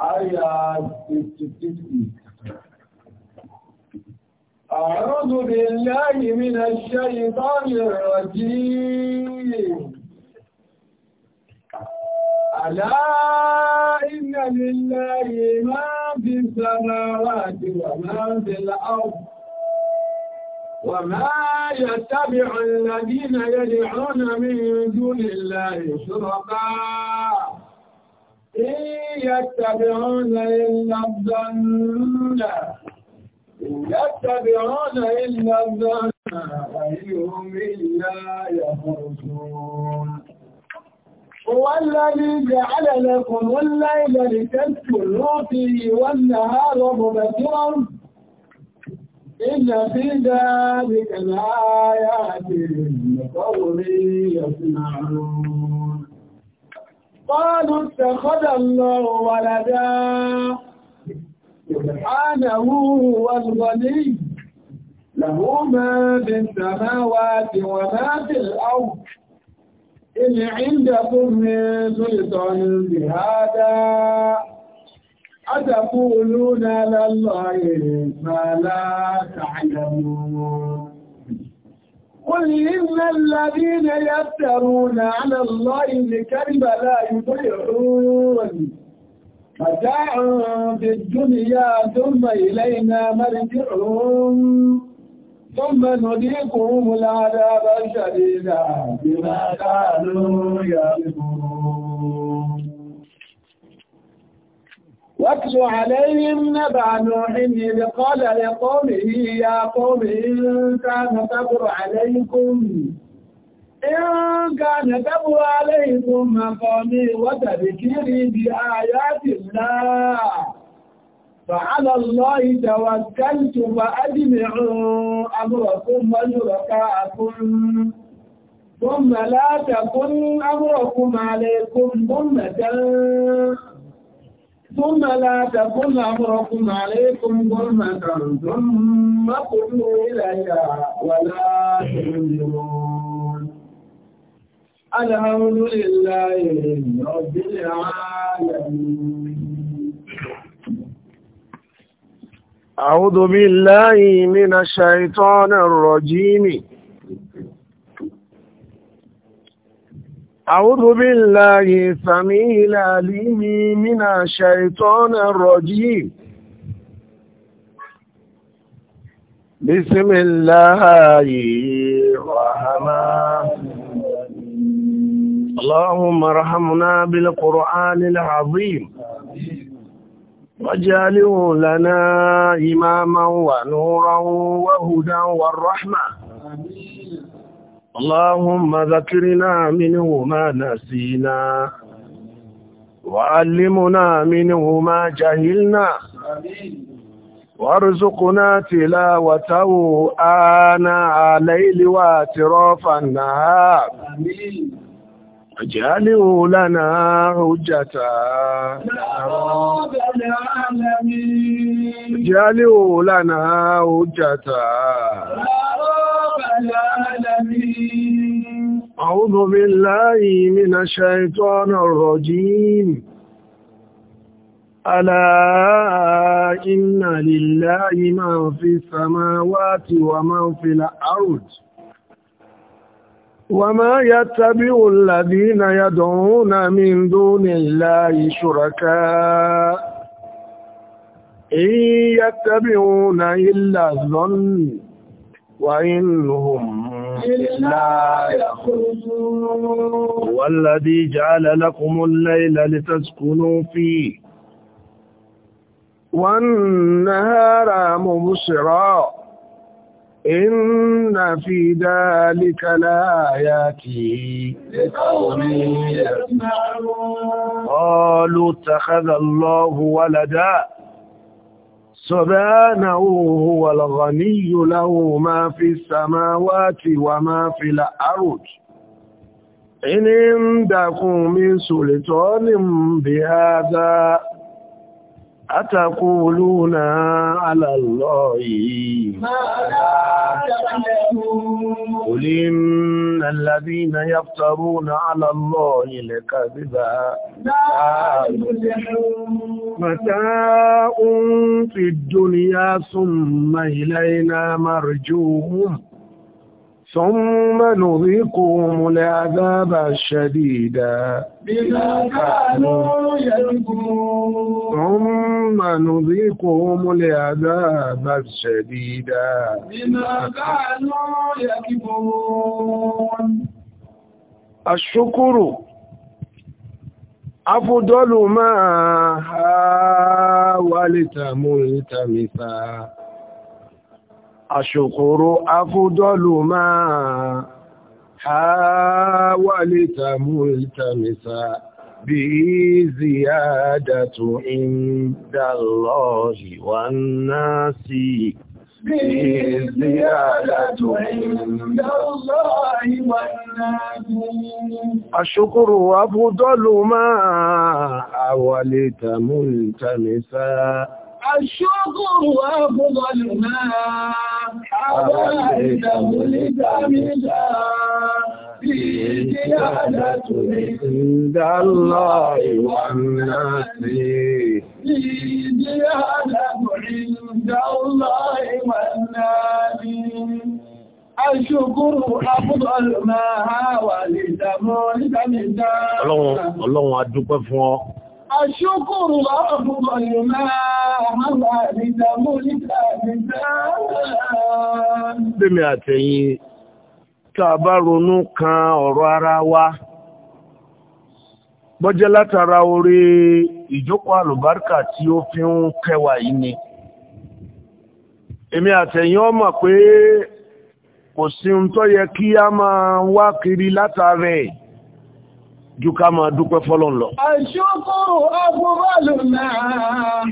آية أعوذ بالله من الشيطان الرجيم ألا إن لله ما في السماوات وما في الأرض وما يتبع الذين يدعون من دون الله شركاء يتبعون إلا الظن يتبعون إلا الظن وإنهم إلا يخرجون هو الذي جعل لكم الليل لتسكنوا فيه والنهار مبكرا إن في ذلك الآيات لقوم يسمعون قالوا اتخذ الله ولدا سبحانه هو الغني له ما في السماوات وما في الأرض إن عندكم من سلطان بهذا أتقولون لله ما لا تعلمون قل إن الذين يفترون على الله الكذب لا يطيعون متاع في الدنيا ثم إلينا مرجعهم ثم نذيقهم العذاب الشديد بما كانوا يكفرون واتل عليهم نبع نوح إذ قال لقومه يا قوم إن كان كبر عليكم إن كان كبر عليكم مقامي وتذكيري بآيات الله فعلى الله توكلت فأجمعوا أمركم وشركاءكم ثم لا تكن أمركم عليكم ضمة ثم لا تكن أمركم عليكم ظلمة ثم قلوا إلي ولا تنجرون الحمد لله رب العالمين أعوذ بالله من الشيطان الرجيم أعوذ بالله السميع العليم من الشيطان الرجيم بسم الله الرحمن اللهم ارحمنا بالقرآن العظيم وجعله لنا إماما ونورا وهدى والرحمة اللهم ذكرنا منه ما نسينا وعلمنا منه ما جهلنا وارزقنا تلاوته آناء ليل واتراف النهار آمين اجعله لنا حجة اجعله لنا حجة أعوذ بالله من الشيطان الرجيم ألا إن لله ما في السماوات وما في الأرض وما يتبع الذين يدعون من دون الله شركاء إن يتبعون إلا الظن وإنهم إلا يخرجون والذي جعل لكم الليل لتسكنوا فيه والنهار مبصرا إن في ذلك لآيات لقوم يسمعون قالوا اتخذ الله ولدا سبحانه هو الغني له ما في السماوات وما في الأرض إن عندكم من سلطان بهذا أتقولون على الله قل إن الذين يفترون على الله الكذب متاع في الدنيا ثم إلينا مرجوهم ثم نضيقهم العذاب الشديد بما كانوا يكفرون ثم نضيقهم العذاب الشديد بما كانوا يكفرون الشكر أفضل ما حاولت ملتمسا الشكر أفضل ما حاولت ملتمسا به زيادة عند الله والناس به زيادة عند الله والناس الشكر أفضل ما حاولت ملتمسا الشكر أفضل ما حوالته لتمدا زيادة عند الله والناس زيادة عند الله والناس Ọlọ́run adúpẹ́ fún ọ. الشكر الأفضل ما هذا لتملك الإنسان Bẹ́mi àtẹ̀yìn tá a bá ronú kan ọ̀rọ̀ ara wa, bọ́jẹ́ látara orí ìjókòó àlùbáríkà tí ó fi ń kẹwàá yìí ni. Èmi àtẹ̀yìn ọmọ pé kò sí ohun tó yẹ kí a máa wá kiri látara ẹ̀ ju ká máa dúpẹ́ fọ́lọ́n lọ. Àṣókòrò agbóbálò náà.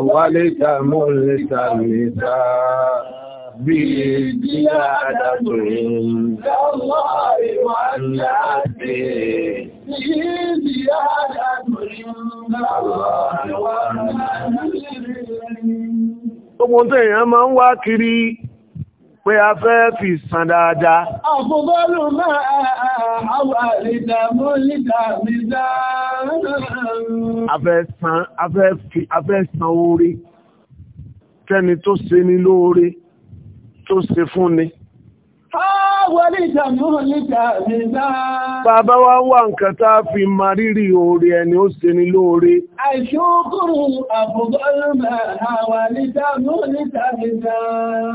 Ọ̀wálé tààmù lè tààmì tàà bí ìdíyà àdàtòrin. Dáwọ́ ìwà jáde, ìdíyà àdàtòrin. Dáwọ́ ìwà jáde. Gbogbo tẹ̀yàn máa ń wá kiri pé a fẹ́ fi san dáadáa. Àfọ́bọ́lù máa àwà ìdàmú ìdàmìdá. A fẹ́ san oore, kẹ́ni tó ṣe ní lóore, tó ṣe fún ni. Bàbá wa wà nǹkan tá a fi máa rírì oore ẹni ó ṣe ni lóore.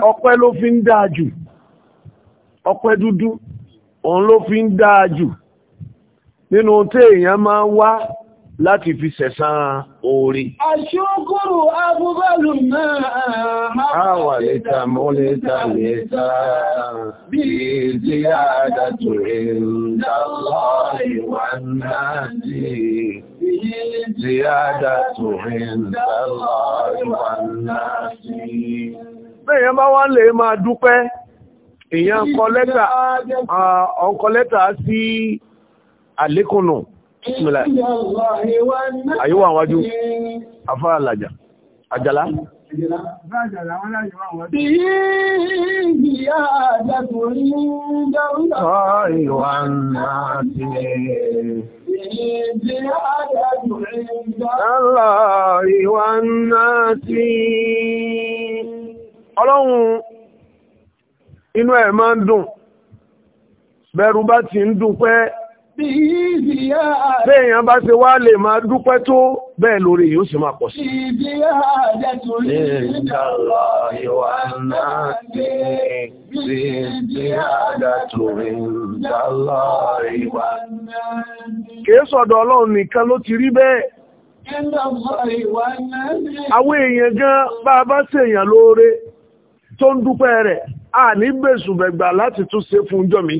Ọpẹ́ ló fi ń dáa jù. Ọpẹ́ dúdú, òun ló fi ń dáa jù. Nínú tí èèyàn máa wá láti fi sẹ̀sán oore. Aṣókòrò agbóbálù náà àwà lẹ́ta mọ́lẹ́ta lẹ́ta bí i tí a dàtò rẹ̀ ńdàlọ́ ìwà náà sí tí a dàtò rẹ̀ ńdàlọ́ ìwà náà sí. Bẹ́yẹn bá wá lè máa dúpẹ́, èèyàn kọ lẹ́tà sí àlékùnù bísmìlá àyíwá àwọn wájú afá àlàjà àjàlá Ọlọ́run inú ẹ̀ máa ń dùn, bẹ̀rù bá ti ń dùn pẹ́ Béèyàn bá ṣe wá lè máa dúpẹ́ tó bẹ́ẹ̀ lórí yóò sì máa pọ̀ sí. Kìí sọ̀dọ̀ Ọlọ́run nìkan ló ti rí bẹ́ẹ̀. Àwọn èèyàn gan bá bá ṣe èèyàn lóore tó ń dúpẹ́ rẹ̀, a ní gbèsùgbẹ̀gbà láti tún ṣe fún jọmi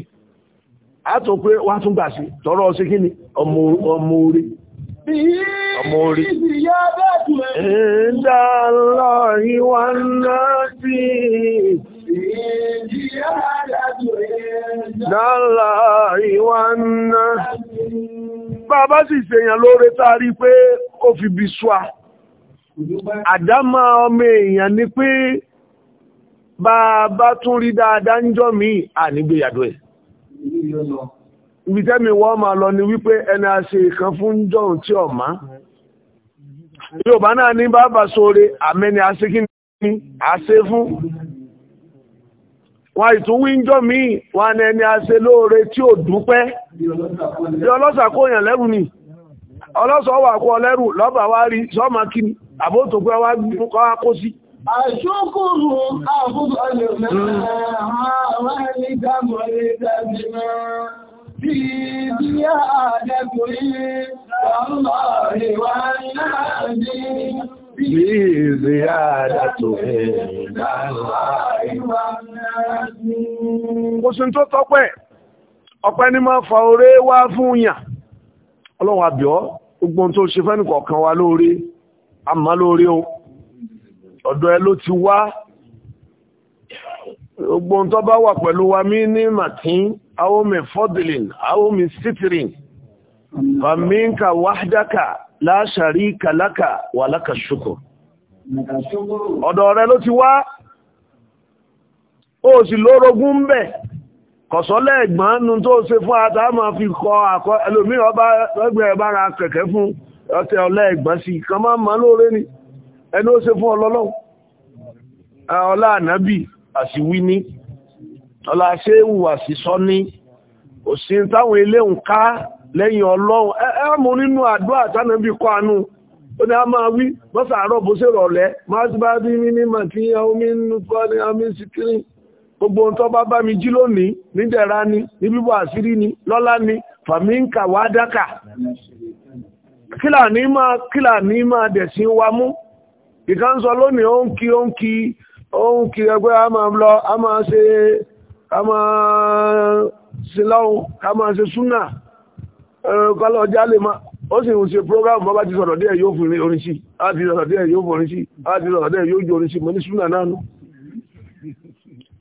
a tó pé wá tún gbà sí tọrọ sí kí ni ọmọ orí ọmọ orí ìdá lọ ìwà náà sí Dálà ìwà náà. Bàbá sì ṣèyàn lóore tàrí pé ó fi bí ṣúà. Àdámà ọmọ èèyàn ni pé bàbá tún rí dáadáa ń jọ mí à nígbéyàdó ẹ̀ ibi tẹ́mi wọ́n máa lọ ni wípé ẹni a ṣe ìkan fún jọ̀hún tí ọ̀má yorùbá náà ní bàbá sóore àmẹ́ni aṣekínní àṣe fún wọn ìtúnwí ń jọ míì wọn ni ẹni aṣe lóore tí ò dúpẹ́ bí ọlọ́sà kó yàn lẹ́rù ni ọlọ́sà wà kó ọ lẹ́rù lọ́bàá wá rí sọ́ọ̀mà kí ni àbótòpẹ́ wá kó sí. Àṣókòrò àbúgbò ọlọ́rẹ̀ àwọn ìdámọ̀ ìdájìmọ̀ bí i bí àádẹ́kùnrin ọmọ ìwà náà ní bí i bí àádẹ́kùnrin ìdámọ̀ ìwà náà ní. Mo sì tó tọ́pẹ́, ọpẹ́ ní ọ̀dọ̀ ẹ ló ti wá gbogbo tó bá wà pẹ̀lú wa mí ní màtín aomi fọ́dìlìn aomi sítìrìn fàmínkà wáhdákà láṣàrí kàlákà wà láka ṣùkọ̀ ọ̀dọ̀ rẹ ló ti wá ó sì lórogún ń bẹ̀ kọ̀sọ́lẹ̀ ẹ̀gbọ́n nu tó ṣe fún ata máa fi kọ ẹlòmíràn bá ẹgbẹ́ bára kẹ̀kẹ́ fún ọtẹ ọlẹ́ ẹ̀gbọ́n sí kan máa lóore ni. ẹni ó ṣe fún ọlọ́lọ́wọ́ ọlá ànábì àsìwí ní ọlá ṣéwù àsìsọ́ ní òsì táwọn eléhùn ká lẹ́yìn ọlọ́run ẹ́mù nínú àdúrà tánàbí kwanu, àánú ó ní a máa wí mọ́sàárọ̀ bó ṣe rọ̀lẹ́ máa ti bá bí mi ní màtí omi nínú kọ́ ní omi gbogbo ohun tó bá bá mi jí lónìí nídẹ̀ra ni ní bíbọ àṣírí ni lọ́lá ni fàmíǹkà wá dákà ni ní máa kílà ní máa dẹ̀sìn wa mú ìkan sọ lónìí ó ń kí ó ń kí ó ń kí ẹgbẹ́ a máa lọ a máa ṣe a máa ṣe lọ́hùn a máa ṣe súnà kọ́lọ̀ ọjà lè máa ó sì ń ṣe program bọ́bá ti sọ̀rọ̀ díẹ̀ yóò fún orin sí á ti sọ̀rọ̀ díẹ̀ yóò fún orin sí á ti sọ̀rọ̀ díẹ̀ yóò jó orin sí mo ní súnà náà nù.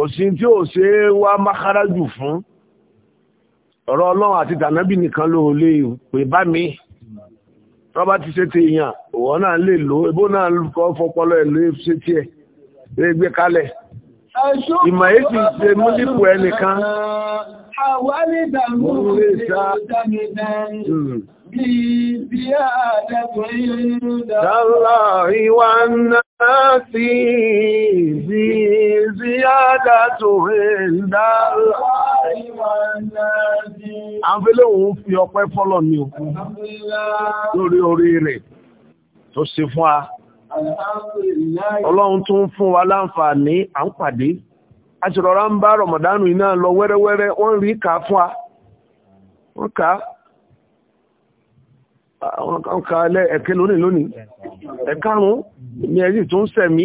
òsì tí ò ṣe wá mákàrájù fún ọ̀rọ̀ ọlọ́run àti tànábì nìkan ló lè pè bá mi tọ́ba ti ṣe ti òwò náà lè lò ebó náà kọ́ fọpọlọ ẹ̀ ló ṣe tiẹ̀ lè gbé kalẹ̀ ìmọ̀ èyí ti ṣe múlípù ẹnìkan فيه زيادة عند àwọn ilé òun fi ọpẹ́ fọ́lọ̀ ní òkú lórí orí rẹ̀ tó ṣe fún a ọlọ́run tún fún wa láǹfààní à ń pàdé a ṣe rọra ń bá rọmọdánù iná lọ wẹ́rẹ́wẹ́rẹ́ wọ́n rí kà fún a wọ́n kà àwọn kan ka alẹ́ ẹ̀kẹ́ lónìí lónìí ẹ̀kárùn ní ẹ̀rí tó ń sẹ̀mí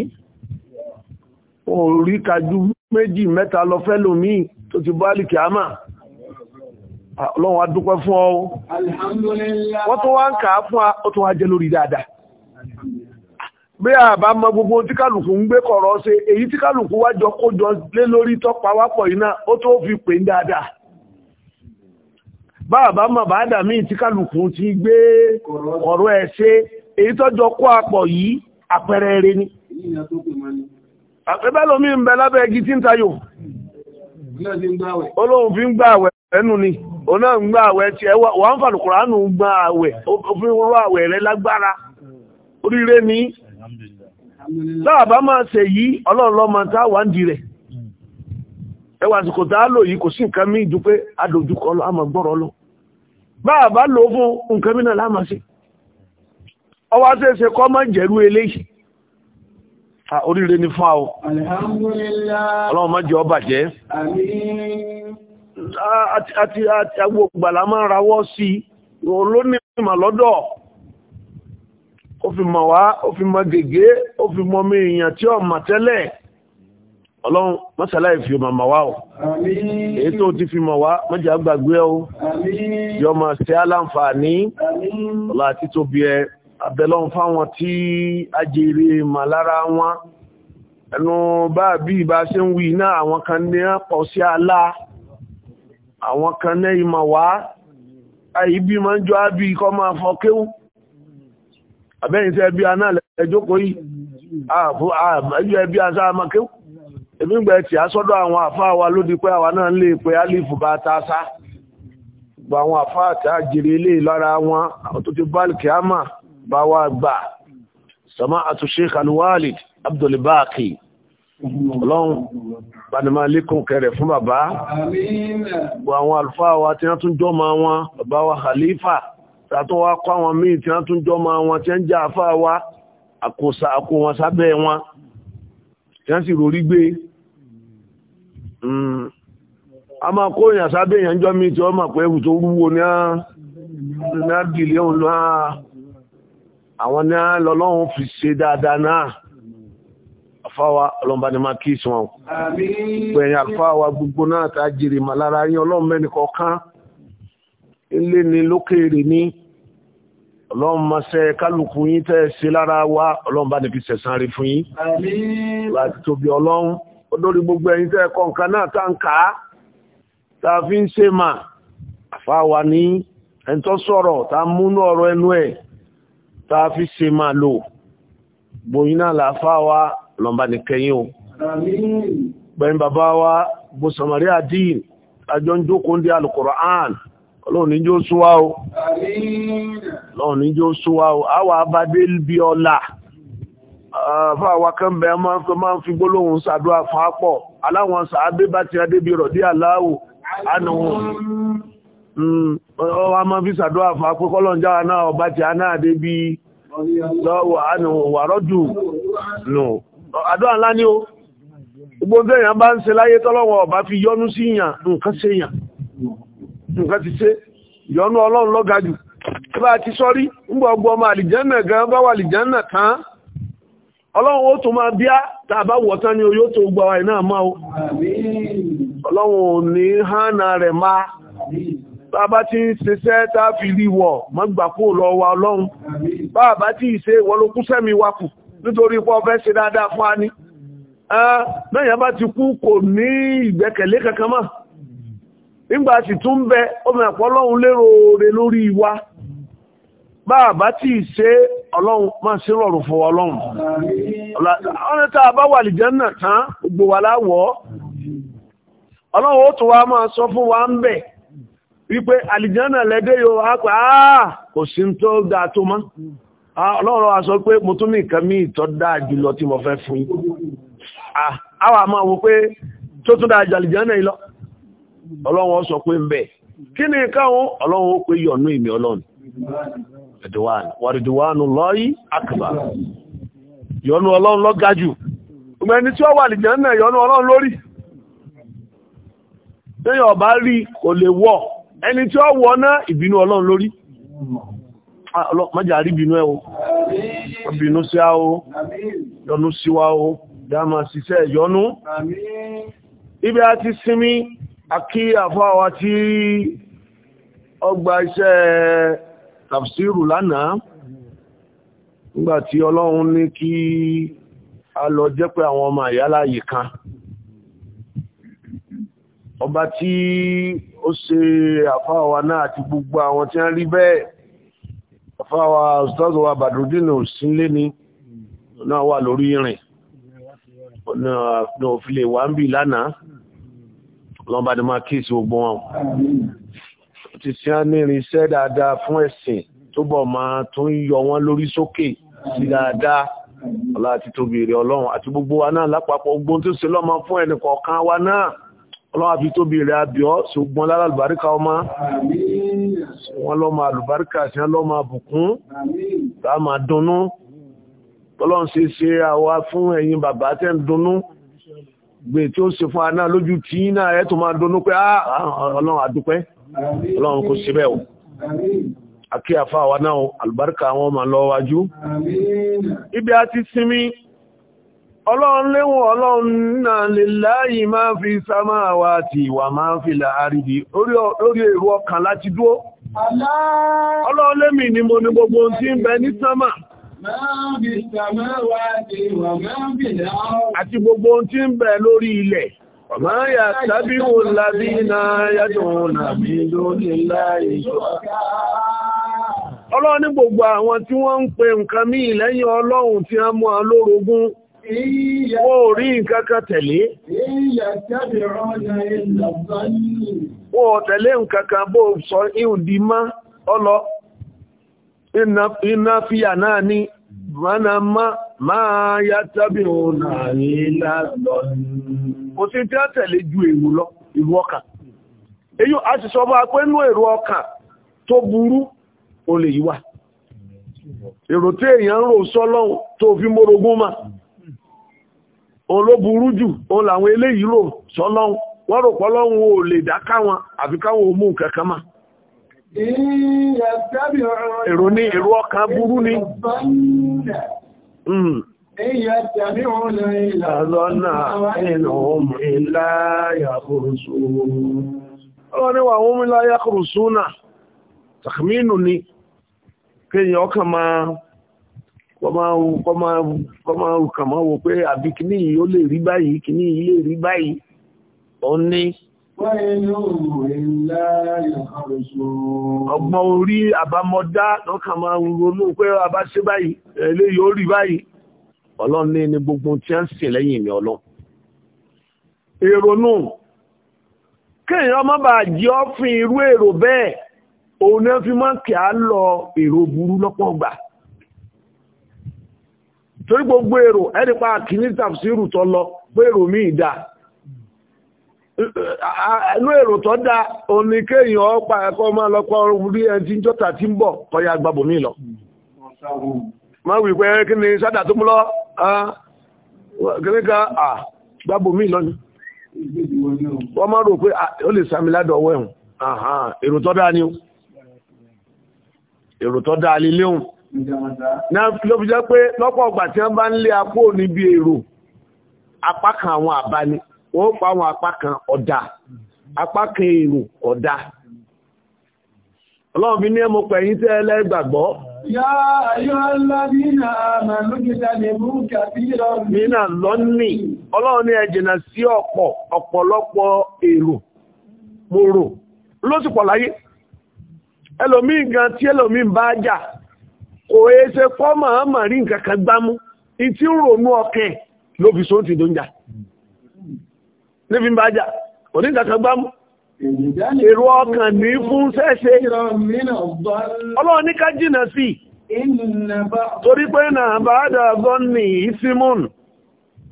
orí kajú méjì mẹ́ta lọ fẹ́ lómi tó ti bá lìkì àmà ọlọ́run adúpẹ́ fún ọ wọ́n tó wá ń kà á fún ọ tó wá jẹ́ lórí dáadáa bí a bá mọ gbogbo tí kálukú ń gbé kọ̀rọ̀ ṣe èyí tí kálukú wájọ kójọ lé lórí tọ́pawápọ̀ yìí náà ó tó fi pè ń dáadáa báàbá mọ̀ bá dà míì tí kálukú ti gbé ọ̀rọ̀ ẹ̀ ṣe èyí tọ́jọ́ kó apọ̀ yìí àpẹẹrẹ rẹ ni. àpẹẹrẹ lómi ń bẹ lábẹ́ igi tí ń tayò. olóhùn fi ń gbà àwẹ̀ ẹnu ni òun náà ń gbà àwẹ̀ tiẹ̀ wà ń fàlùkùrà nù ń gbà àwẹ̀ òfin rọ àwẹ̀ rẹ lágbára oríire ni láàbá máa ṣe yìí ọlọ́ọ̀lọ́ máa tá wà ń di rẹ̀ ẹwà àsìkò tá a lò yìí kò sí nǹkan mí lọ àmọ́ gbọ́rọ̀ lọ báàbá lò fún nǹkan mìíràn láàmà sí ọwá tí ẹsẹ kọ́ mọ́ jẹ̀rú a oríire ní fún àwọ ọlọ́run mọ́ jẹ ọba jẹ́ àti àgbò gbàlá máa rawọ́ sí olónìmọ̀ lọ́dọ̀ ó fi mọ̀ wá ó fi mọ̀ gègé ó fi mọ̀ mi èèyàn tí ó ọlọ́run mọ́sálàyé fi ọmọ màwá o èyí tó ti fi mọ̀ wá mọ́jà gbàgbé o yọ mọ̀ sí aláǹfààní ọ̀la àti tóbi ẹ abẹ́lọ́run fáwọn tí ajèrè mà lára wọn ẹnu bá bí ìbá ṣe ń wí náà àwọn kan ní pọ̀ sí alá àwọn kan ní ìmọ̀ wá àìbí máa ń jọ ábí kọ́ máa fọ kéwù àbẹ́yìn tẹ́ bí aná lẹ́jọ́kọ́ yìí àbẹ́yìn tẹ́ bí aṣá máa kéwù èmìgbẹ̀ tí a sọ́dọ̀ àwọn àfáà wa ló di pé àwa náà lè pe alifu bá ta sá gbogbo àwọn àfáà tí a jèrè ilé lára wọn àwọn tó ti báàlì kìámà bá wá gbà sọmọ àtúnṣe kanuwali abdulbaki ọlọ́run gbanimá lékún kẹrẹ fún bàbá gbogbo àwọn àlùfáà wa tí wọ́n tún jọ́ ma wọn bàbá wa khalifa tàtọ́ wa kọ́ àwọn míì tí wọ́n tún jọ́ ma wọn tí wọ́n jẹ́ àfáà wa àkó wọn sábẹ́ wọn tí wọ́n sì rorí gbé Mm. a máa kó èèyàn sábẹ́ èèyàn jọ́ mi tí wọ́n mọ̀ pé ewu tó wúwo ní àdìlẹ́ òun náà àwọn ní lọ́lọ́run fi ṣe dáadáa náà àfáwà ọlọ́mbà ni máa kí ìsìn wọn pẹ̀yìn àfáwà gbogbo náà ta jìrì mà lára yín ọlọ́mẹ́ni kọ̀ọ̀kan ilé ni lókèrè ní ọlọ́mọṣẹ́ kálukú yín tẹ́ ṣe lára wa ọlọ́mbà ni lórí gbogbo ẹ̀yin tẹ́ ẹ̀kọ́ nǹkan náà tá ń kà á tá a fi ń ṣe mà àfáwa ní ẹni tó sọ̀rọ̀ tá a múnú ọ̀rọ̀ ẹnu ẹ̀ tá a fi ṣe mà lò gbòyìn náà làáfáwa lọ́nba nìkẹyìn o gbẹ̀yìn bàbá wa bùsàmàrí àdín àjọ ń jókòó ń di alukur'an ọlọ́run níjó súwá o ọlọ́run níjó súwá o àwa abadé bí ọlá. fáwọn kan bẹ máa ń fi gbólóhùn sàdúrà fún àpọ̀ aláwọn sàábé bá ti adébí rọ̀ dí aláwò ànàwọn hmm, ọwọ́ máa fi sàdúrà fún àpọ̀ kọ́lọ̀njáwà ọba ti aná adébí lọ́wọ́ ànàwọn wàrọ́dù nù àdúrà ńlá ni o gbogbo ọba fi si se ti ti gan ọlọ́run ó tún máa bíá tàbá wọ̀tán ni yóò tó gbà wá iná máa o ọlọ́run ò ní hánà rẹ̀ máa bàbá tí ń ṣiṣẹ́ tá fi rí wọ̀ mọ́ lọ́wọ́ ọlọ́run bàbá tí ìṣe wọ́n ló kú sẹ́mi wa nítorí pọ́ fẹ́ ṣe dáadáa fún ani lẹ́yìn bá ti kú kò ní ìgbẹ́kẹ̀lé kankan mọ́ nígbà sì tún bẹ ọmọ ẹ̀pọ̀ ọlọ́run lérò rẹ̀ lórí wa báàbá tí ì ṣe ọlọ́run ma ṣe rọrùn fún ọlọ́run ọ̀nà tá a bá wà lè jẹ́nà tán gbogbo wa láwọ̀ ọlọ́run ó tó wá máa sọ fún wa ń bẹ̀ wípé àlìjánà lẹ́dẹ́ yóò á aaa àà kò sí tó dáa tó mọ́ ọlọ́run sọ pé mo tún ní nǹkan míì tó dáa jùlọ tí mo fẹ́ fún yín àwa máa wo pé tó tún yìí lọ ọlọ́run sọ pé ń bẹ̀ kí ni nǹkan ọlọ́run ó pé yọ̀nú ìmì ọlọ́run ẹ̀dùwàn wàrìdùwàn lọ́yí àkàbà yọnu ọlọ́run lọ jù ọmọ ẹni tí ó wà nìjẹ́ náà yọnu ọlọ́run lórí ọba rí kò lè ẹni tí ó wọ̀ náà ìbínú ọlọ́run lórí mọ́jà ah, rí bínú ẹ̀ o sí o yọnu o dáma yọnu ibi a ti sinmi àkí àfọ́ tí ọgbà tafsiru lánàá nígbàtí ọlọ́run ní kí a lọ jẹ́ pé àwọn ọmọ àyálà yìí kan ọba tí ó ṣe àfáwà náà àti gbogbo àwọn tí wọ́n rí bẹ́ẹ̀ àfáwà ọ̀sọ́dọ̀ wa bàdúdínà òsínlé ni náà wà lórí ìrìn náà fi lè wá ń bì lánàá lọ́nà bá máa kíyèsí gbogbo wọn ti ṣe á ní irinṣẹ́ dáadáa fún ẹ̀sìn túbọ̀ máa tún yọ wọ́n lórí sókè sí dáadáa ọlá àti tóbi rẹ̀ ọlọ́run àti gbogbo wa náà lápapọ̀ ogun tó ṣe lọ́mọ fún ẹnì kọ̀ọ̀kan wa náà ọlọ́run àfi tóbi rẹ̀ abíọ́ ṣùgbọ́n lára àlùbáríkà ọmọ wọn lọ́mọ àlùbáríkà sí wọn lọ́mọ àbùkún tá a máa dunnú ọlọ́run ṣe ṣe àwa fún ẹ̀yin bàbá tẹ́ ń dunnú gbè tí ó ṣe fún wa náà lójú tí náà ẹ̀ tó máa dunnú pé ọlọ́run àdúpẹ́ ọlọ́run kò síbẹ̀ o àkí àfá wa náà àlùbáríkà wọn ma lọ wájú ibi a ti sinmi ọlọ́run léwọ̀n ọlọ́run náà lè láàyè máa fi sámà wa ti wà máa fi láàrídì lórí èrò ọkàn láti dúó ọlọ́run lémi ni mo ní gbogbo ohun tí ń bẹ ní sámà àti gbogbo tí ń bẹ lórí ilẹ̀ وما يتبع الذين يدعون من دون الله Ọlọ́run ní gbogbo àwọn tí wọ́n ń pe nǹkan míì lẹ́yìn Ọlọ́run tí a mú a lórogún, wọ́n ò rí nǹkan kan tẹ̀lé. Wọ́n ò tẹ̀lé nǹkan kan bó sọ má ọlọ́. Iná fíyà náà ní, mọ́nà má máa yá tábí náà ní lásán. kò tí a tẹ̀lé ju èrò lọ ọkàn èyí a sì sọ bá pé inú èrò ọkàn tó burú ole lè yíwà èrò tí èèyàn ń rò sọ́lọ́hun tó fi mórogún mà òun ló burú jù òun làwọn eléyìí rò sọ́lọ́hun wọ́n rò pọ́lọ́hun ò lè dá káwọn àfi káwọn kankan ọkàn burú ni يتبعون إلا ظن إنهم إلا يخرصون Ọlọ́run ni wà wọ́n mú láyé kùrùsúnà, tàkmínù ni, kéèyàn ọkà máa kọmọrùkà máa wò pé àbí kìíní yìí ó lè rí báyìí, kìíní yìí lè rí báyìí, ó ní. Ọgbọ́n orí àbámọ́dá lọ́kà máa ronú pé àbá ṣe báyìí, eléyìí ó ọlọ́run ní ní gbogbo tí a ń sìn lẹ́yìn mi ọlọ́run ìrònú kéèyàn má bàa jí ọ́fìn irú èrò bẹ́ẹ̀ òun náà fi máa kí á lọ èrò burú lọ́pọ̀ ọgbà torí gbogbo èrò ẹni pa kìíní tàbísírù tó lọ pé èrò míì ìdá inú èrò tó dá òun ni kéèyàn ọ̀pá ẹ̀kọ́ máa lọ́pọ̀ orí ẹni tí ń jọ́ta tí ń bọ̀ kọ́ ya gbàbọ̀ mi lọ. má wí pé kí ni sádà tó mú lọ gẹ́gẹ́ à gbábò lọ́ni wọ́n máa rò pé ó lè sami ládọ̀ ọwọ́ ẹ̀hùn èrò tọ́ dáa ni ó èrò tọ́ dáa lè léhùn jẹ́ pé lọ́pọ̀ ọgbà tí wọ́n bá ń lé apó níbi èrò apákan àwọn àbá ni pa àwọn ọ̀dà apákan èrò ọ̀dà ọlọ́run Yá ayọ́ Ọlọ́run ni ẹjìnà sí ọ̀pọ̀ ọ̀pọ̀lọpọ̀ èrò, mo lóṣùpọ̀ láyé. Ẹlòmí gan tí ẹlòmí bá jà, kò e kọ́ màámà rí nǹkan kan gbámú, ìtí rònú ọkẹ̀ ló fi sóńtì ń jà. Níbi bá jà, kò ní nǹkan Èrò ọkàn ní fún sẹ́ṣe. Ọlọ́run ní ká jìnà sí. Torí pé náà bá dàgbọ́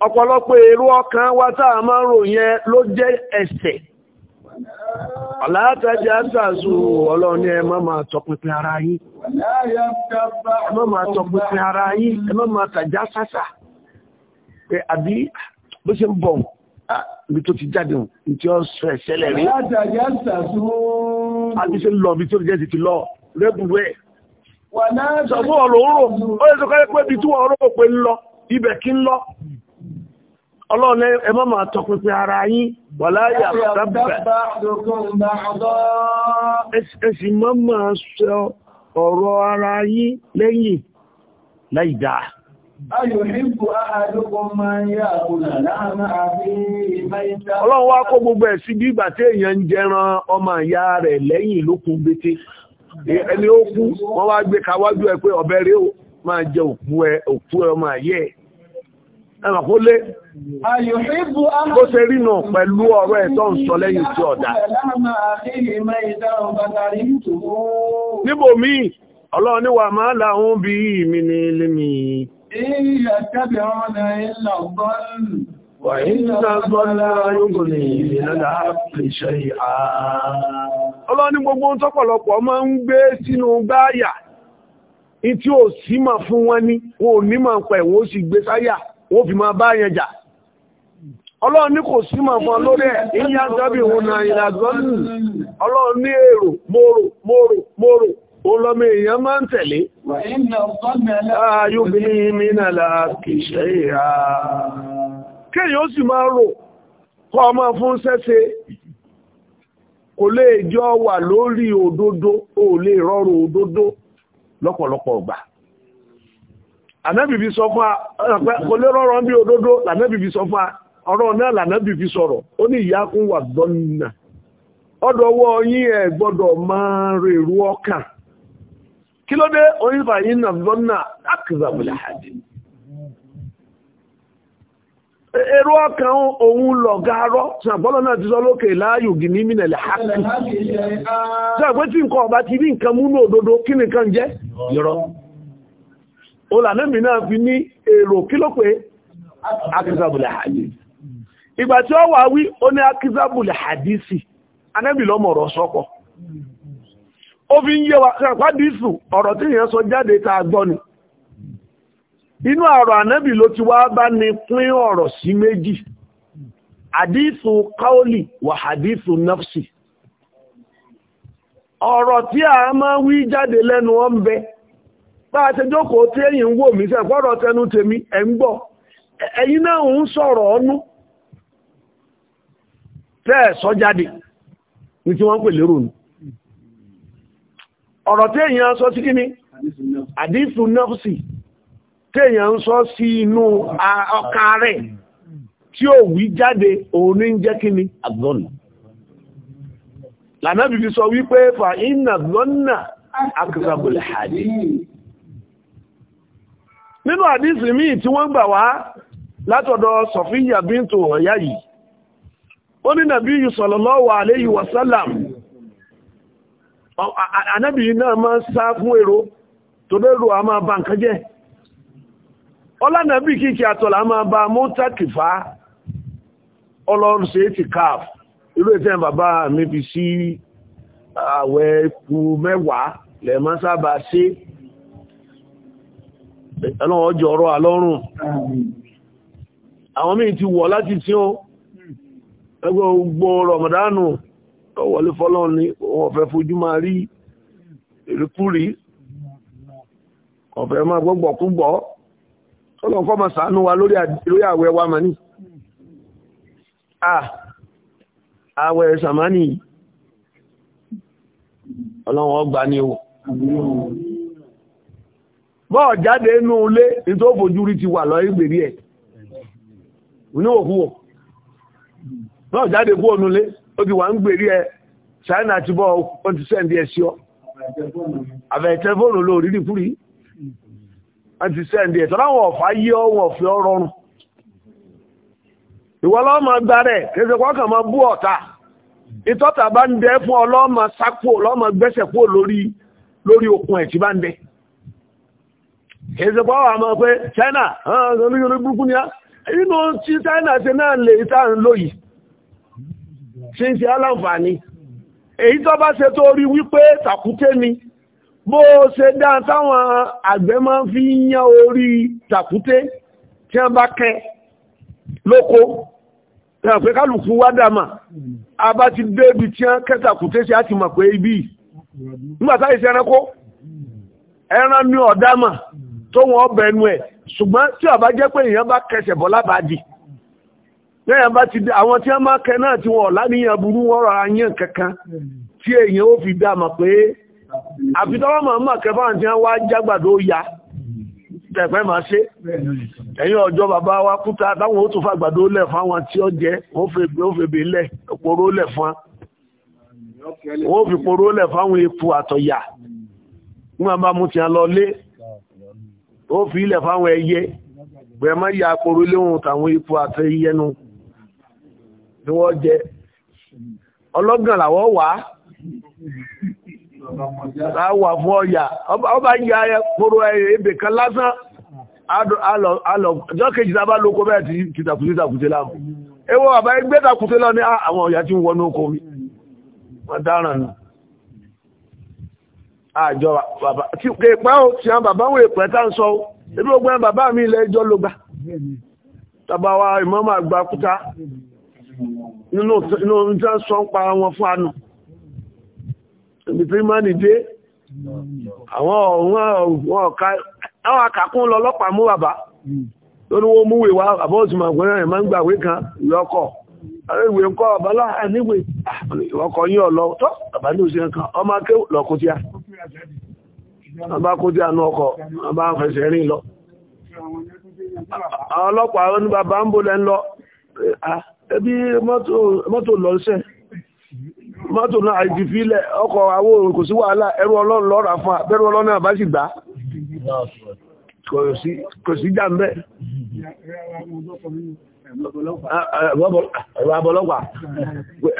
Ọ̀pọ̀lọpọ̀ èrò ọkàn wa táà máa rò yẹn ló jẹ́ ẹ̀ṣẹ̀. Àlátàjẹ́ àtàzù ọlọ́run ẹ máa ara Ẹ máa ara sásà. Ah, ibi tó ti jáde nke ọsọ ó sọ ẹ̀ṣẹ́lẹ̀ rí. A ti ṣe lọ ibi tó ti jẹ́ ti lọ, rẹ́bùwẹ̀. Sọ fún ibi tí wọ́n ń lọ, ibẹ̀ kí ń lọ. Ọlọ́run ara yín, wàlá yà dábẹ̀. Ẹ sì má máa sọ ọ̀rọ̀ ara yín lẹ́yìn láì dáa. Ọlọ́run wá kó gbogbo ẹ̀ sí bí ìgbà tí èèyàn ń jẹran ọmọ ìyá rẹ̀ lẹ́yìn lókun bété. Ẹni ó kú, wọ́n wá gbé kawájú ẹ pé ọ̀bẹ rẹ̀ ó máa jẹ òkú ẹ òkú ẹ ọmọ ayé Ẹnà kó lé. Kó ṣe pẹ̀lú ọ̀rọ̀ ń sọ lẹ́yìn ọ̀dà. Ọlọ́run máa bí Ọlọ́run إلا الظن وإن الظن لا يغني gbogbo ń tọ́pọ̀lọpọ̀ máa ń gbé sínú báyà, in tí ó sì máa fún wọn ní, ò ní pẹ̀ wọ́n sì gbé sáyà, wọ́n fi bá yẹn jà. kò sí fún lórí òun náà ìlàgọ́nù. èrò, mòrò, mòrò, mòrò, olọ́mọ èèyàn máa ń tẹ̀lé ayúbí mínà láàkìṣẹ́ ìhà kéèyàn ó sì máa rò kọ́ ọmọ fún sẹ́sẹ́ kò lè jọ wà lórí òdodo ó lè òdodo lọ́pọ̀lọpọ̀ ọgbà ànábìbí sọ fún òdodo ọ̀rọ̀ náà lànábìbí sọ̀rọ̀ ó ní ìyá kún wà ọdọ̀wọ́ ẹ̀ gbọ́dọ̀ máa rèrú kí ló dé onífà yìí nà lọ́nà akìzàmùlà àdì èrò ọkàn òun lọ̀gárọ́ ṣàpọ́lọ́ náà ti sọ lókè láàyò gìní mínẹ̀lẹ̀ hàkì ṣàpẹ́ tí nǹkan ọba ti rí nǹkan múnú òdodo kí nìkan jẹ́ irọ́ olànẹ́mì náà fi ní èrò kí ló pé akìzàmùlà àdì ìgbà tí ó wà wí ó ní akìzàmùlà àdì sí lọ́mọ̀rọ̀ sọ́kọ̀ O fi ń yé wa ọ̀rọ̀ tí èèyàn sọ jáde gbọ gbọ́ ni inú ọ̀rọ̀ ànábì ló ti wá bá ní pín ọ̀rọ̀ sí méjì àdìsù káólì wà àdìsù nafsi ọ̀rọ̀ tí a máa wí jáde lẹ́nu ọ́n bẹ bá a ṣe jókòó tí èyí ń wò mí sẹ́fọ́rọ̀ tẹnu tèmi ẹ̀ ń gbọ́ ẹ̀yin náà ń sọ̀rọ̀ ọnú tẹ́ ẹ̀ sọ jáde ní tí wọ́n pè lérò nù ọ̀rọ̀ tí èyàn sọ sí kíní àdífù nọ́fsì tí èyàn sọ sí inú ọkà rẹ̀ tí ó wí jáde òun ní jẹ́ kíní sọ wípé fa iná dọ́nà akẹ́sàbòlè nínú míì tí wọ́n gbà wá látọ̀dọ̀ sọ̀fíyà bíntò ọ̀yá yìí ó ní nàbí ànábì náà máa sá fún èrò tó lérò a máa bà nǹkan jẹ́ ọlánàbí kìkì àtọ̀là máa bá mọ́tàkìfà ọlọ́rùsẹ̀ ti káf irú ìtẹ́ bàbá mi fi sí àwẹ̀ kù mẹ́wàá lẹ́mọ́ sábà sí ẹ̀lọ́wọ́ jọrọ àlọ́rùn àwọn míì ti wọ̀ láti tí ó ẹgbẹ́ gbogbo kọ́wọ́lé fọ́lọ́run ni wọ́n fẹ́ fojú máa rí ìrìkúrí ọ̀fẹ́ máa gbọ́gbọ̀ kú gbọ́ ọlọ́nkọ́ máa ṣàánú wa lórí àwẹ̀ wa mà ní ah, àwẹ̀ sàmánì ọlọ́wọ́n ọgbà ní o bọ́ọ̀ jáde inú ilé ní tó fojú rí ti wà lọ ìgbèrí ẹ̀ inú òkú wọ̀ bọ́ọ̀ jáde kú ònú ilé oge wa wà ń gbèrí ẹ ṣáínà àti bọ́ ó ti sẹ́ndí ẹ sí ọ àbẹ̀tẹ́ fóònù ló rí nìkúrí wọ́n ti sẹ́ndí ẹ tọ́láwọ̀ ọ̀fà yí ọ wọ̀ fi ọ rọrùn ìwọ ma gba rẹ̀ kéṣe kọ́ kàn máa bú ọ̀tá ìtọ́ta bá ń dẹ fún ọ sápò lọ́mọ gbẹ́sẹ̀ kúrò lórí lórí okun ẹ̀ tí bá ń dẹ ìṣẹ́pọ̀ wà mọ̀ pé China ọ olóyìn burúkú ni á inú tí China ti náà lè ìta ṣe ń ṣe aláǹfààní èyí tó bá ṣe tó rí wípé tàkúté ni bó ṣe dá táwọn àgbẹ̀ máa fi ń yán orí tàkúté tí wọ́n bá kẹ́ lóko ẹ̀rọ pé kálukú wá dàmà a bá ti dé ibi tí wọ́n kẹ́ tàkúté ṣe á ti mọ̀ pé ibi nígbà táyé ṣe ẹranko ẹran ní ọ̀dàmà tó wọn ọbẹ̀ ẹnu ẹ̀ ṣùgbọ́n tí ó bá jẹ́ pé èèyàn bá kẹsẹ̀ bọ́ lábàájì lẹ́yìn bá ti àwọn tí a máa kẹ náà tí wọ́n láníyàn burú wọ́rọ̀ ayán kankan tí èèyàn ó fi dáàmà pé àfitọ́wọ́ máa máa kẹfà tí wọ́n wá jágbàdo ya tẹ̀pẹ́ máa ṣe ẹ̀yìn ọjọ́ bàbá wa kúta táwọn ó tún fàgbàdo lẹ̀ fún àwọn tí ó jẹ́ ó fèbè lẹ̀ poró lẹ̀ fún wọn ó fi poró lẹ̀ fún àwọn epo àtọ̀yà wọn bá mú ti lọ lé ó fi ilẹ̀ fún àwọn ẹyẹ gbẹ̀mọ́ ya poró léwọn tàwọn epo àtẹ̀yẹnu ni wọ́n jẹ ọlọ́gàn làwọ́ wà á wà fún ọ̀yà ọba ń ya kóró ebè kan lásán ọjọ́ kejì tá a bá lóko bẹ́ẹ̀ tí kìtàkùté tàkùté láàmú ewọ́ bàbá ẹgbẹ́ tàkùté lọ ní ah, àwọn ọ̀yà tí ń wọnú oko mi wọ́n dáràn nù àjọ bàbá tí èpẹ́ ó ti hàn bàbá wọn èpẹ́ tá ń sọ ebi ogun bàbá mi ilẹ̀ ẹjọ́ ló gbà tàbá wa ìmọ̀ọ́mọ̀ àgbà kúta nínú tí wọ́n sọ ń pa wọn fún anù ibi tí mọ́ni dé àwọn ọ̀ká àwọn akàkún lọ lọ́pàá mú bàbá lórí wọ́n mú wèwà àbọ́ òsùnmọ̀ àgbẹ̀rẹ̀ rẹ̀ máa ń gbàwé kan ìyọkọ̀ àríwé ń kọ́ ọ̀bá láàríníwé ah, ìwọkọ̀ yí ọ̀lọ́ tó bàbá ní òṣèré kan ọmọ akéwò lọ́kútíà ọba kútíà ní ọkọ̀ ọba fẹsẹ̀ rìn lọ ọlọ́pàá ní bàbá ń bolẹ̀ ń lọ eh, ah, ẹbí mọ́tò lọ́ṣẹ́ mọ́tò náà àìjì fílẹ̀ ọkọ̀ àwọ kò sí wàhálà ẹrù ọlọ́run lọ́ra fún abẹ́rù ọlọ́run náà bá sì gbá kò sí jàmbẹ́ àbọ̀lọ́pàá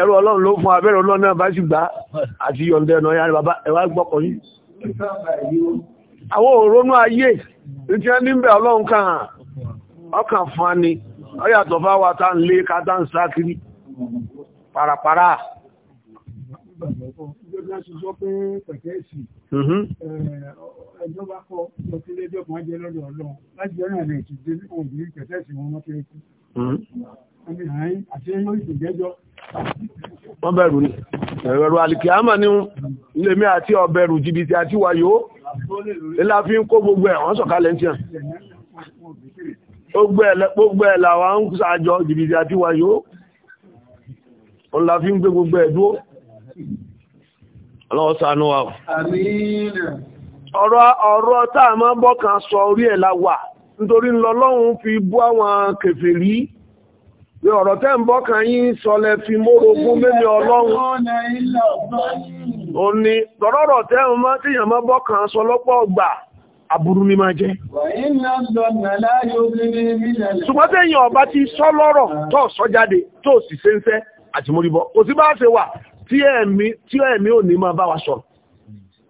ẹrù ọlọ́run ló fún abẹ́rù ọlọ́run náà bá sì gbá àti yọ̀ǹdẹ̀ ẹ̀nà ya bàbá ẹwà gbọ́kọ̀ yìí àwọn òrónú ayé ní tí wọ́n ní bẹ̀ ọlọ́run kàn ọkàn fani ọyàtọ̀ bá wa tá ń lé ká tá ń sákiri parapara ẹjọba kọ lọ sí ilé ìjọba jẹ lọ́dọ̀ Ọlọ́run láti ọ̀nà ilẹ̀ ìtìjẹ ní òbí kẹtẹ sí wọn mọ́kẹ́ ẹkú. wọ́n bẹ̀rù ni ẹ̀rọ alìkíámà ni lèmi àti ọ̀bẹ̀rù jìbìtì àti wàyó ńlá fi ń kó gbogbo ẹ̀ wọ́n sọ̀kalẹ̀ ń tiẹ̀ gbogbo ẹ̀ làwà ń sàájọ jìbìtì àti wáyó o la fi ń gbé gbogbo ẹ̀ dúó ọlọ́wọ́ ṣàánú wa ọ̀rọ̀ ọ̀rọ̀ táà máa bọ́kàn sọ orí ẹ̀ wà nítorí lọ́lọ́run fi bú àwọn kèfèrí pé ọ̀rọ̀ tẹ́ ń bọ́kàn yín sọlẹ̀ fi mórogún mẹ́lẹ̀ ọlọ́run ó ní lọ́rọ̀ tẹ́ aburú ní máa jẹ́. ṣùgbọ́n tẹ́yìn ọba ti sọ lọ́rọ̀ tó sọ jáde tó sì ṣe ń fẹ́ àti múríbọ́ kò sí bá ṣe wà tí ẹ̀mí ò ní máa bá wa sọ̀rọ̀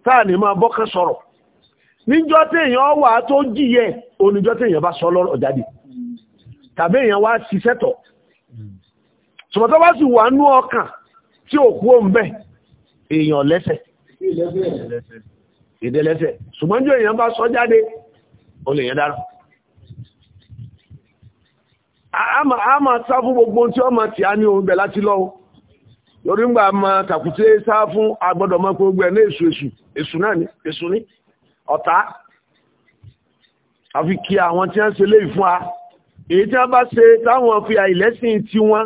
táà ní máa bọ́kẹ́ sọ̀rọ̀ níjọ́ tẹ́yìn wà tó jìyẹ oníjọ́ tẹ́yìn bá sọ lọ́rọ̀ jáde tàbí èèyàn wá ṣiṣẹ́ tọ̀ ṣùgbọ́n tó bá sì wà nú ọkàn tí òkú òun bẹ̀ èèyàn lẹ́sẹ̀ ìdẹ́lẹ́sẹ̀ ṣùgbọ́n jù èèyàn bá sọ jáde o lè yẹn dára a ma sá fún gbogbo tí ọmọ tí a ní oúnjẹ láti lọ́wọ́ lórí ń gbà ma tàkùté sá fún agbọ́dọ̀ mọ́ gbogbo ẹ̀ ní èṣù èṣù èṣù náà ní èṣù ní ọ̀tá àfi kí àwọn tí wọ́n ṣe léyìí fún wa èyí tí wọ́n bá ṣe táwọn fi àìlẹ́sìn tí wọ́n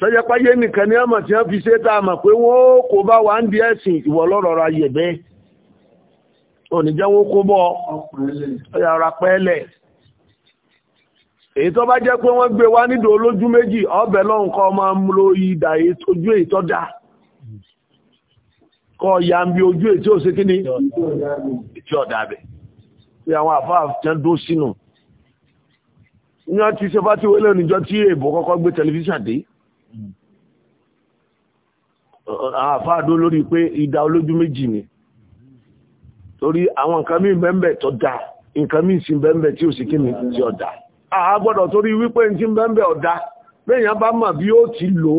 tọ́jọ́ páyé nìkan ní ọmọ tí wọ́n fi ṣe tá a mọ̀ pé wọ́n kò bá wà ń di ẹ̀sìn ìwọ̀ ayẹ̀ bẹ́ẹ̀ oníjẹ́wó kó bọ́ ọ̀yàrá pẹ́ẹ́lẹ̀ èyí tó bá jẹ́ pé wọ́n gbé wá nídò olójú méjì ọbẹ̀ lọ́hùn kọ́ máa ń lo ìdà ojú èyí tó dáa kọ́ ya ń bí ojú èyí tí ó ṣe kí ni ìtí ọ̀dà bẹ̀ pé àwọn àfáà tẹ́ dún sínú ní wọ́n ti ṣe bá ti wọlé oníjọ́ tí èèbò kọ́kọ́ gbé tẹlifíṣàn dé hmm. àwọn àfáà dún lórí pé ìdà olójú méjì ni torí àwọn nǹkan míì bẹ́ẹ̀ tó dáa nǹkan míì sí bẹ́ẹ̀ tí ò sí kí ni tí ó dáa a gbọ́dọ̀ torí wípé ní tí bẹ́ẹ̀ ó dáa lẹ́yìn bá mọ̀ bí ó ti lò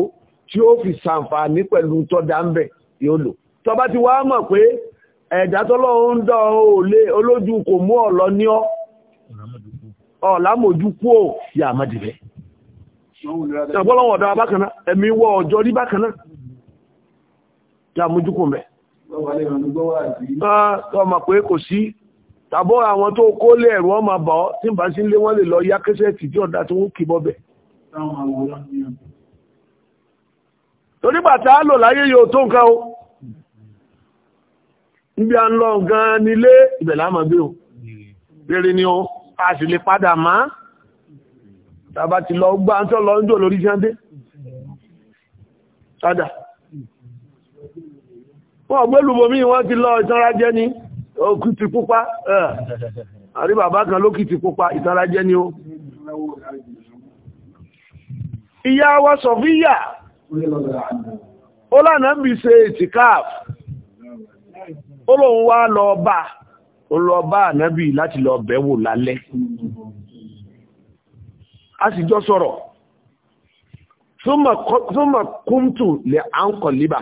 tí ó fi ṣàǹfààní pẹ̀lú tó dáa ń bẹ̀ yóò lò tó bá ti wá mọ̀ pé ẹ̀dá tọ́lọ́run ń dán olójú kò mú ọ̀lọ́ ní ọ́ ọ̀làmójú kú ò yà má dìbẹ̀. ọ̀pọ̀lọpọ̀ ọ̀dọ́ abákaná ẹ̀mí wọ ọjọ́ rí bákaná Tọ́ ah, ma pé kò sí, tàbọ́ àwọn tó kó lé ẹ̀rù ọmọ bọ̀ tí bá sí lé wọ́n lè lọ yá kẹsẹ̀ tì tí ọ̀dá tí wọ́n kì bọ́bẹ̀. Torípàtà lò láyé yóò tó nǹkan o. Ibi à ń lọ gan nílé ìbẹ̀lá mọ̀ bí o. Rere ni o, a sì lè padà máa. Tàbá ti lọ gbá lọ ń jò lórí jáde. Padà. wọ́n gbélùbòmí wọ́n ti lọ ìsanrajẹ́ ni òkìtì pupa àrí bàbá kan lókìtì pupa ìsanrajẹ́ ni ó ìyá wa sọ̀fíyà ó lànà ń bí ṣe ìtìkáàf ó lòun wá lọ bá ó lọ bá ànábì láti lọ bẹ̀wò lálẹ́ a sì jọ sọ̀rọ̀ súnmọ̀ kúntù lè à ń kọ̀ líbà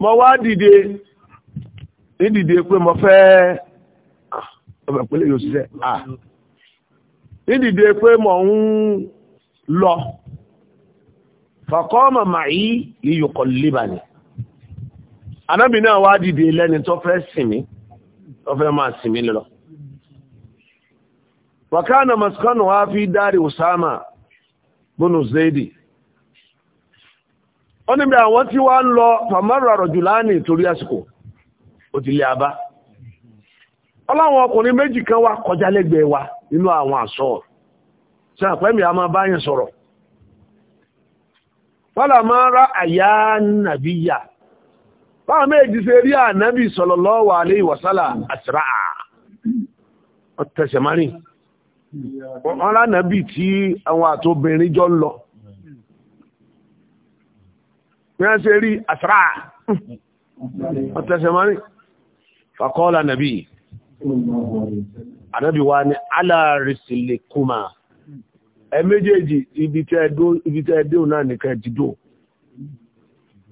mo wá dìde ní dìde pé mo fẹ́ ọmọ ìpínlẹ̀ yóò ṣiṣẹ́ ní dìde pé mo ń lọ fàkọ́ màmá yìí ìyókọ̀ líbàní anábì náà wá dìde lẹ́ni tó fẹ́ sinmi tó fẹ́ máa sinmi lọ wàkánà maskanu wá fi dárí Usama bunu Zaidi ó níbi àwọn tí wá ń lọ pàmọ́rọ̀ àrọ̀jù láàánì torí àsìkò ó ti lé abá ọláwọn ọkùnrin méjì kan wá kọjá lẹ́gbẹ̀ẹ́ wa nínú àwọn àṣọ ṣe àpẹ́mì a máa bá yẹn sọ̀rọ̀ fọ́lá máa rá àyá nàbíyà báwọn méjì ṣe rí ànábì sallallahu alaihi wasala àṣírà ọ̀tẹ̀sẹ̀márì wọ́n rá nàbì tí àwọn àtòbìnrin jọ ń lọ wọ́n ṣe rí àṣírà ọ̀tẹ̀sẹ̀mọ́rí fàkọ́ọ́lá nàbí ànábì wa ni aláàrísìlẹ̀ kúmà ẹ méjèèjì ibi tẹ́ ẹdún náà nìkan ti dò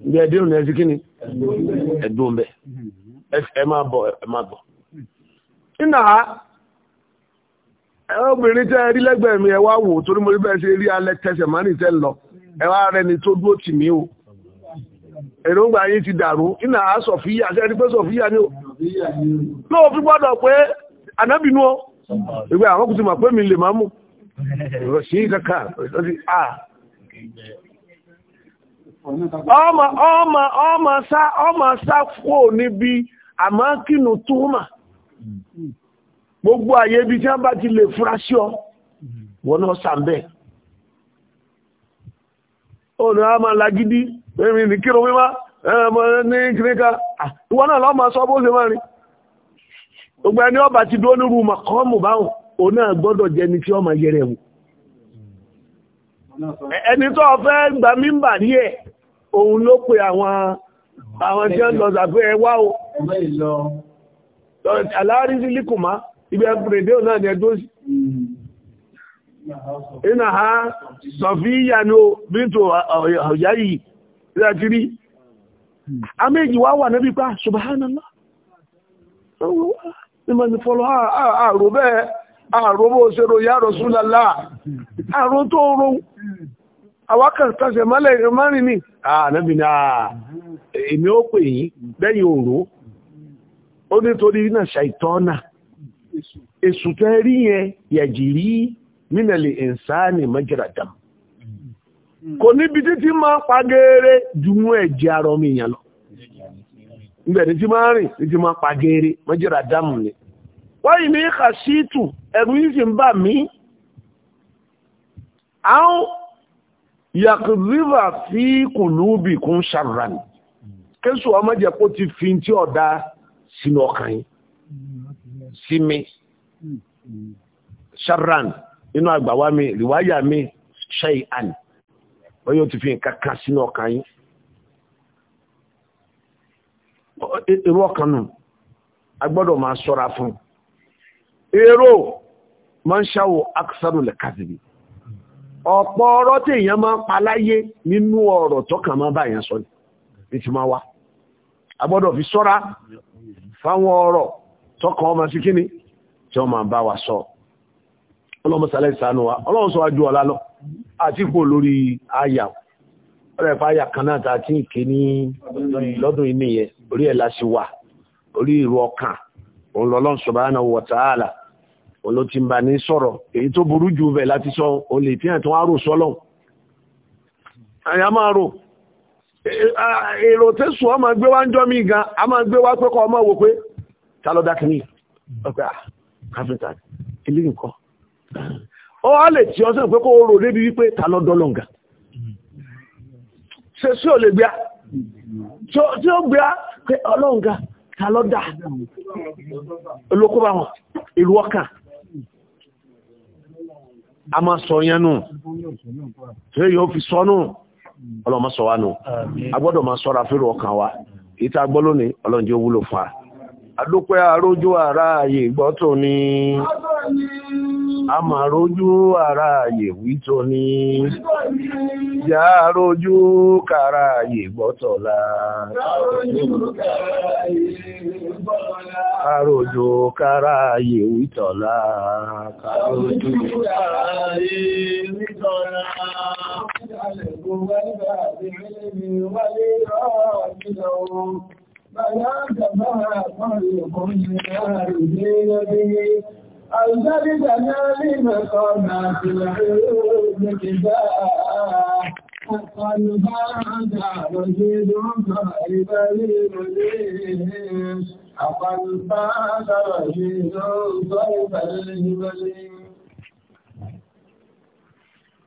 ibi ẹdún náà sí kíni ẹdún bẹ ẹ máa bọ̀ ẹ máa bọ̀ iná obìnrin tẹ́ rí lẹ́gbẹ̀ẹ́ mi ẹ wá wò torí mo rí bẹ́ẹ̀ ṣe rí alẹ́ tẹsẹ̀ mọ́rí tẹ́ lọ ẹ wá rẹni tó dúró tì mí o. èròǹgbà yìí ti dàrú iná Na ṣẹ́rí pé sọ̀fíyà ni ó lóò fi gbọ́dọ̀ pé ìgbé àwọn kùtù mà pé mi lè máa mú sí kàkà à ọmọ sá níbi àmọ́ kínú túmọ̀ gbogbo àyè ibi tí wọ́n bá ti lè fura sí ọ náà sàmbẹ́ gidi. èmi ní kírun mímá ẹ̀mọ̀ ní kìnníkà ìwọ náà lọ́mọ sọ bó ṣe máa rí gbogbo ẹni ọba ti dúró nírú màkọ́ọ̀mù báwọn òun náà gbọ́dọ̀ jẹ ni tí ọmọ yẹrẹ wò ẹni tó fẹ́ gbà mímbà ní ẹ̀ òun ló pe àwọn àwọn tí wọ́n lọ sàfẹ́ ẹ wá o aláàrí sílíkùmá ibi ẹgbẹ̀rẹ̀dẹ́ òun náà ni ẹjọ́ sí iná ha sọ̀fíyà ni ó bí láti rí àméjì wá wà níbi pa ah, subhanallah ìmọ̀ ìfọ̀lọ́ a a àrò bó ṣe ro ya Rasulullah àrò ah, tó ro àwákàtàṣẹ̀ mọ́lẹ̀ ìrìnmọ́rin ni ah, ànábì ni èmi ó pè yín bẹ́yìn òró ó nítorí na ṣàìtọ́nà èsù tẹ́ ri yẹn yẹ̀jì rí mínàlè ìsáàni kò níbi títí máa ń pagéere mú ẹ̀jẹ̀ ara ọmọ èèyàn lọ níbẹ̀ ní ti máa rìn ti máa ń pagéere mọ́jẹ́ra ni wọ́n yìí ní kàṣíìtù ẹ̀rù yìí sì ń bà mí àwọn fi kùlùbì kún ṣàrùràn ti fi tí ọ̀dá sínú ọkàn yìí nínú àgbàwá mi rìwáyà mi ṣe àná onye o ti fi nǹkan kan sínú ọkàn yín èrò e, ọkàn nù a gbọ́dọ̀ máa ṣọ́ra fún èrò máa ń ṣàwò akṣàrò lẹ́kàdìbì ọ̀pọ̀ ọ̀rọ̀ tí èèyàn máa ń pa láyé nínú ọ̀rọ̀ tọ́kàn máa bá èèyàn sọ ní ti máa wá a fi ṣọ́ra fáwọn ọ̀rọ̀ tọ́kàn ọmọ sí kíni tí wa sọ ọlọ́mọ sálẹ̀ sànú wa ọlọ́run sọ wájú ọlá àti lórí àyà ọ̀rẹ́ fàyà kan náà ta tí ìké ní lọ́dún yìí nìyẹn orí ẹ̀ láti wà orí ìrù ọkàn òun lọ́lọ́ subhanahu wa ta'ala òun ló ti ń sọ òun lè tó wá rò sọ́lọ̀ àyà máa rò èrò ọmọ gbé wá ń a máa gbé wá ọmọ Ọ wá le tí ọ sí pé kó rò débi wípé ta lọ lọ́nga ṣe sí ò lè gbé tí ó gbé pé ọlọ́nga ta lọ dà olókó wọn ọkà a máa sọ yẹn nù tí yóò fi sọ nù ọlọ́mọ sọ wa nù a gbọ́dọ̀ máa fẹ́rù ọkàn wa ìta gbọ́ lónìí ọlọ́njẹ́ wúlò fún wa adúpẹ́ arójú ara ààyè gbọ́ ni? a máa rójú ara ààyè wí tóní yà á rójú kàrà ààyè gbọ́ tọ̀la arójú kàrà ààyè wí tọ̀la arójú kàrà ààyè wí tọ̀la ya أنزلتنا لمقامات العلوم كتاب القلب عدا مزيد قائب للمليم أقلب عدا مزيد قائب للمليم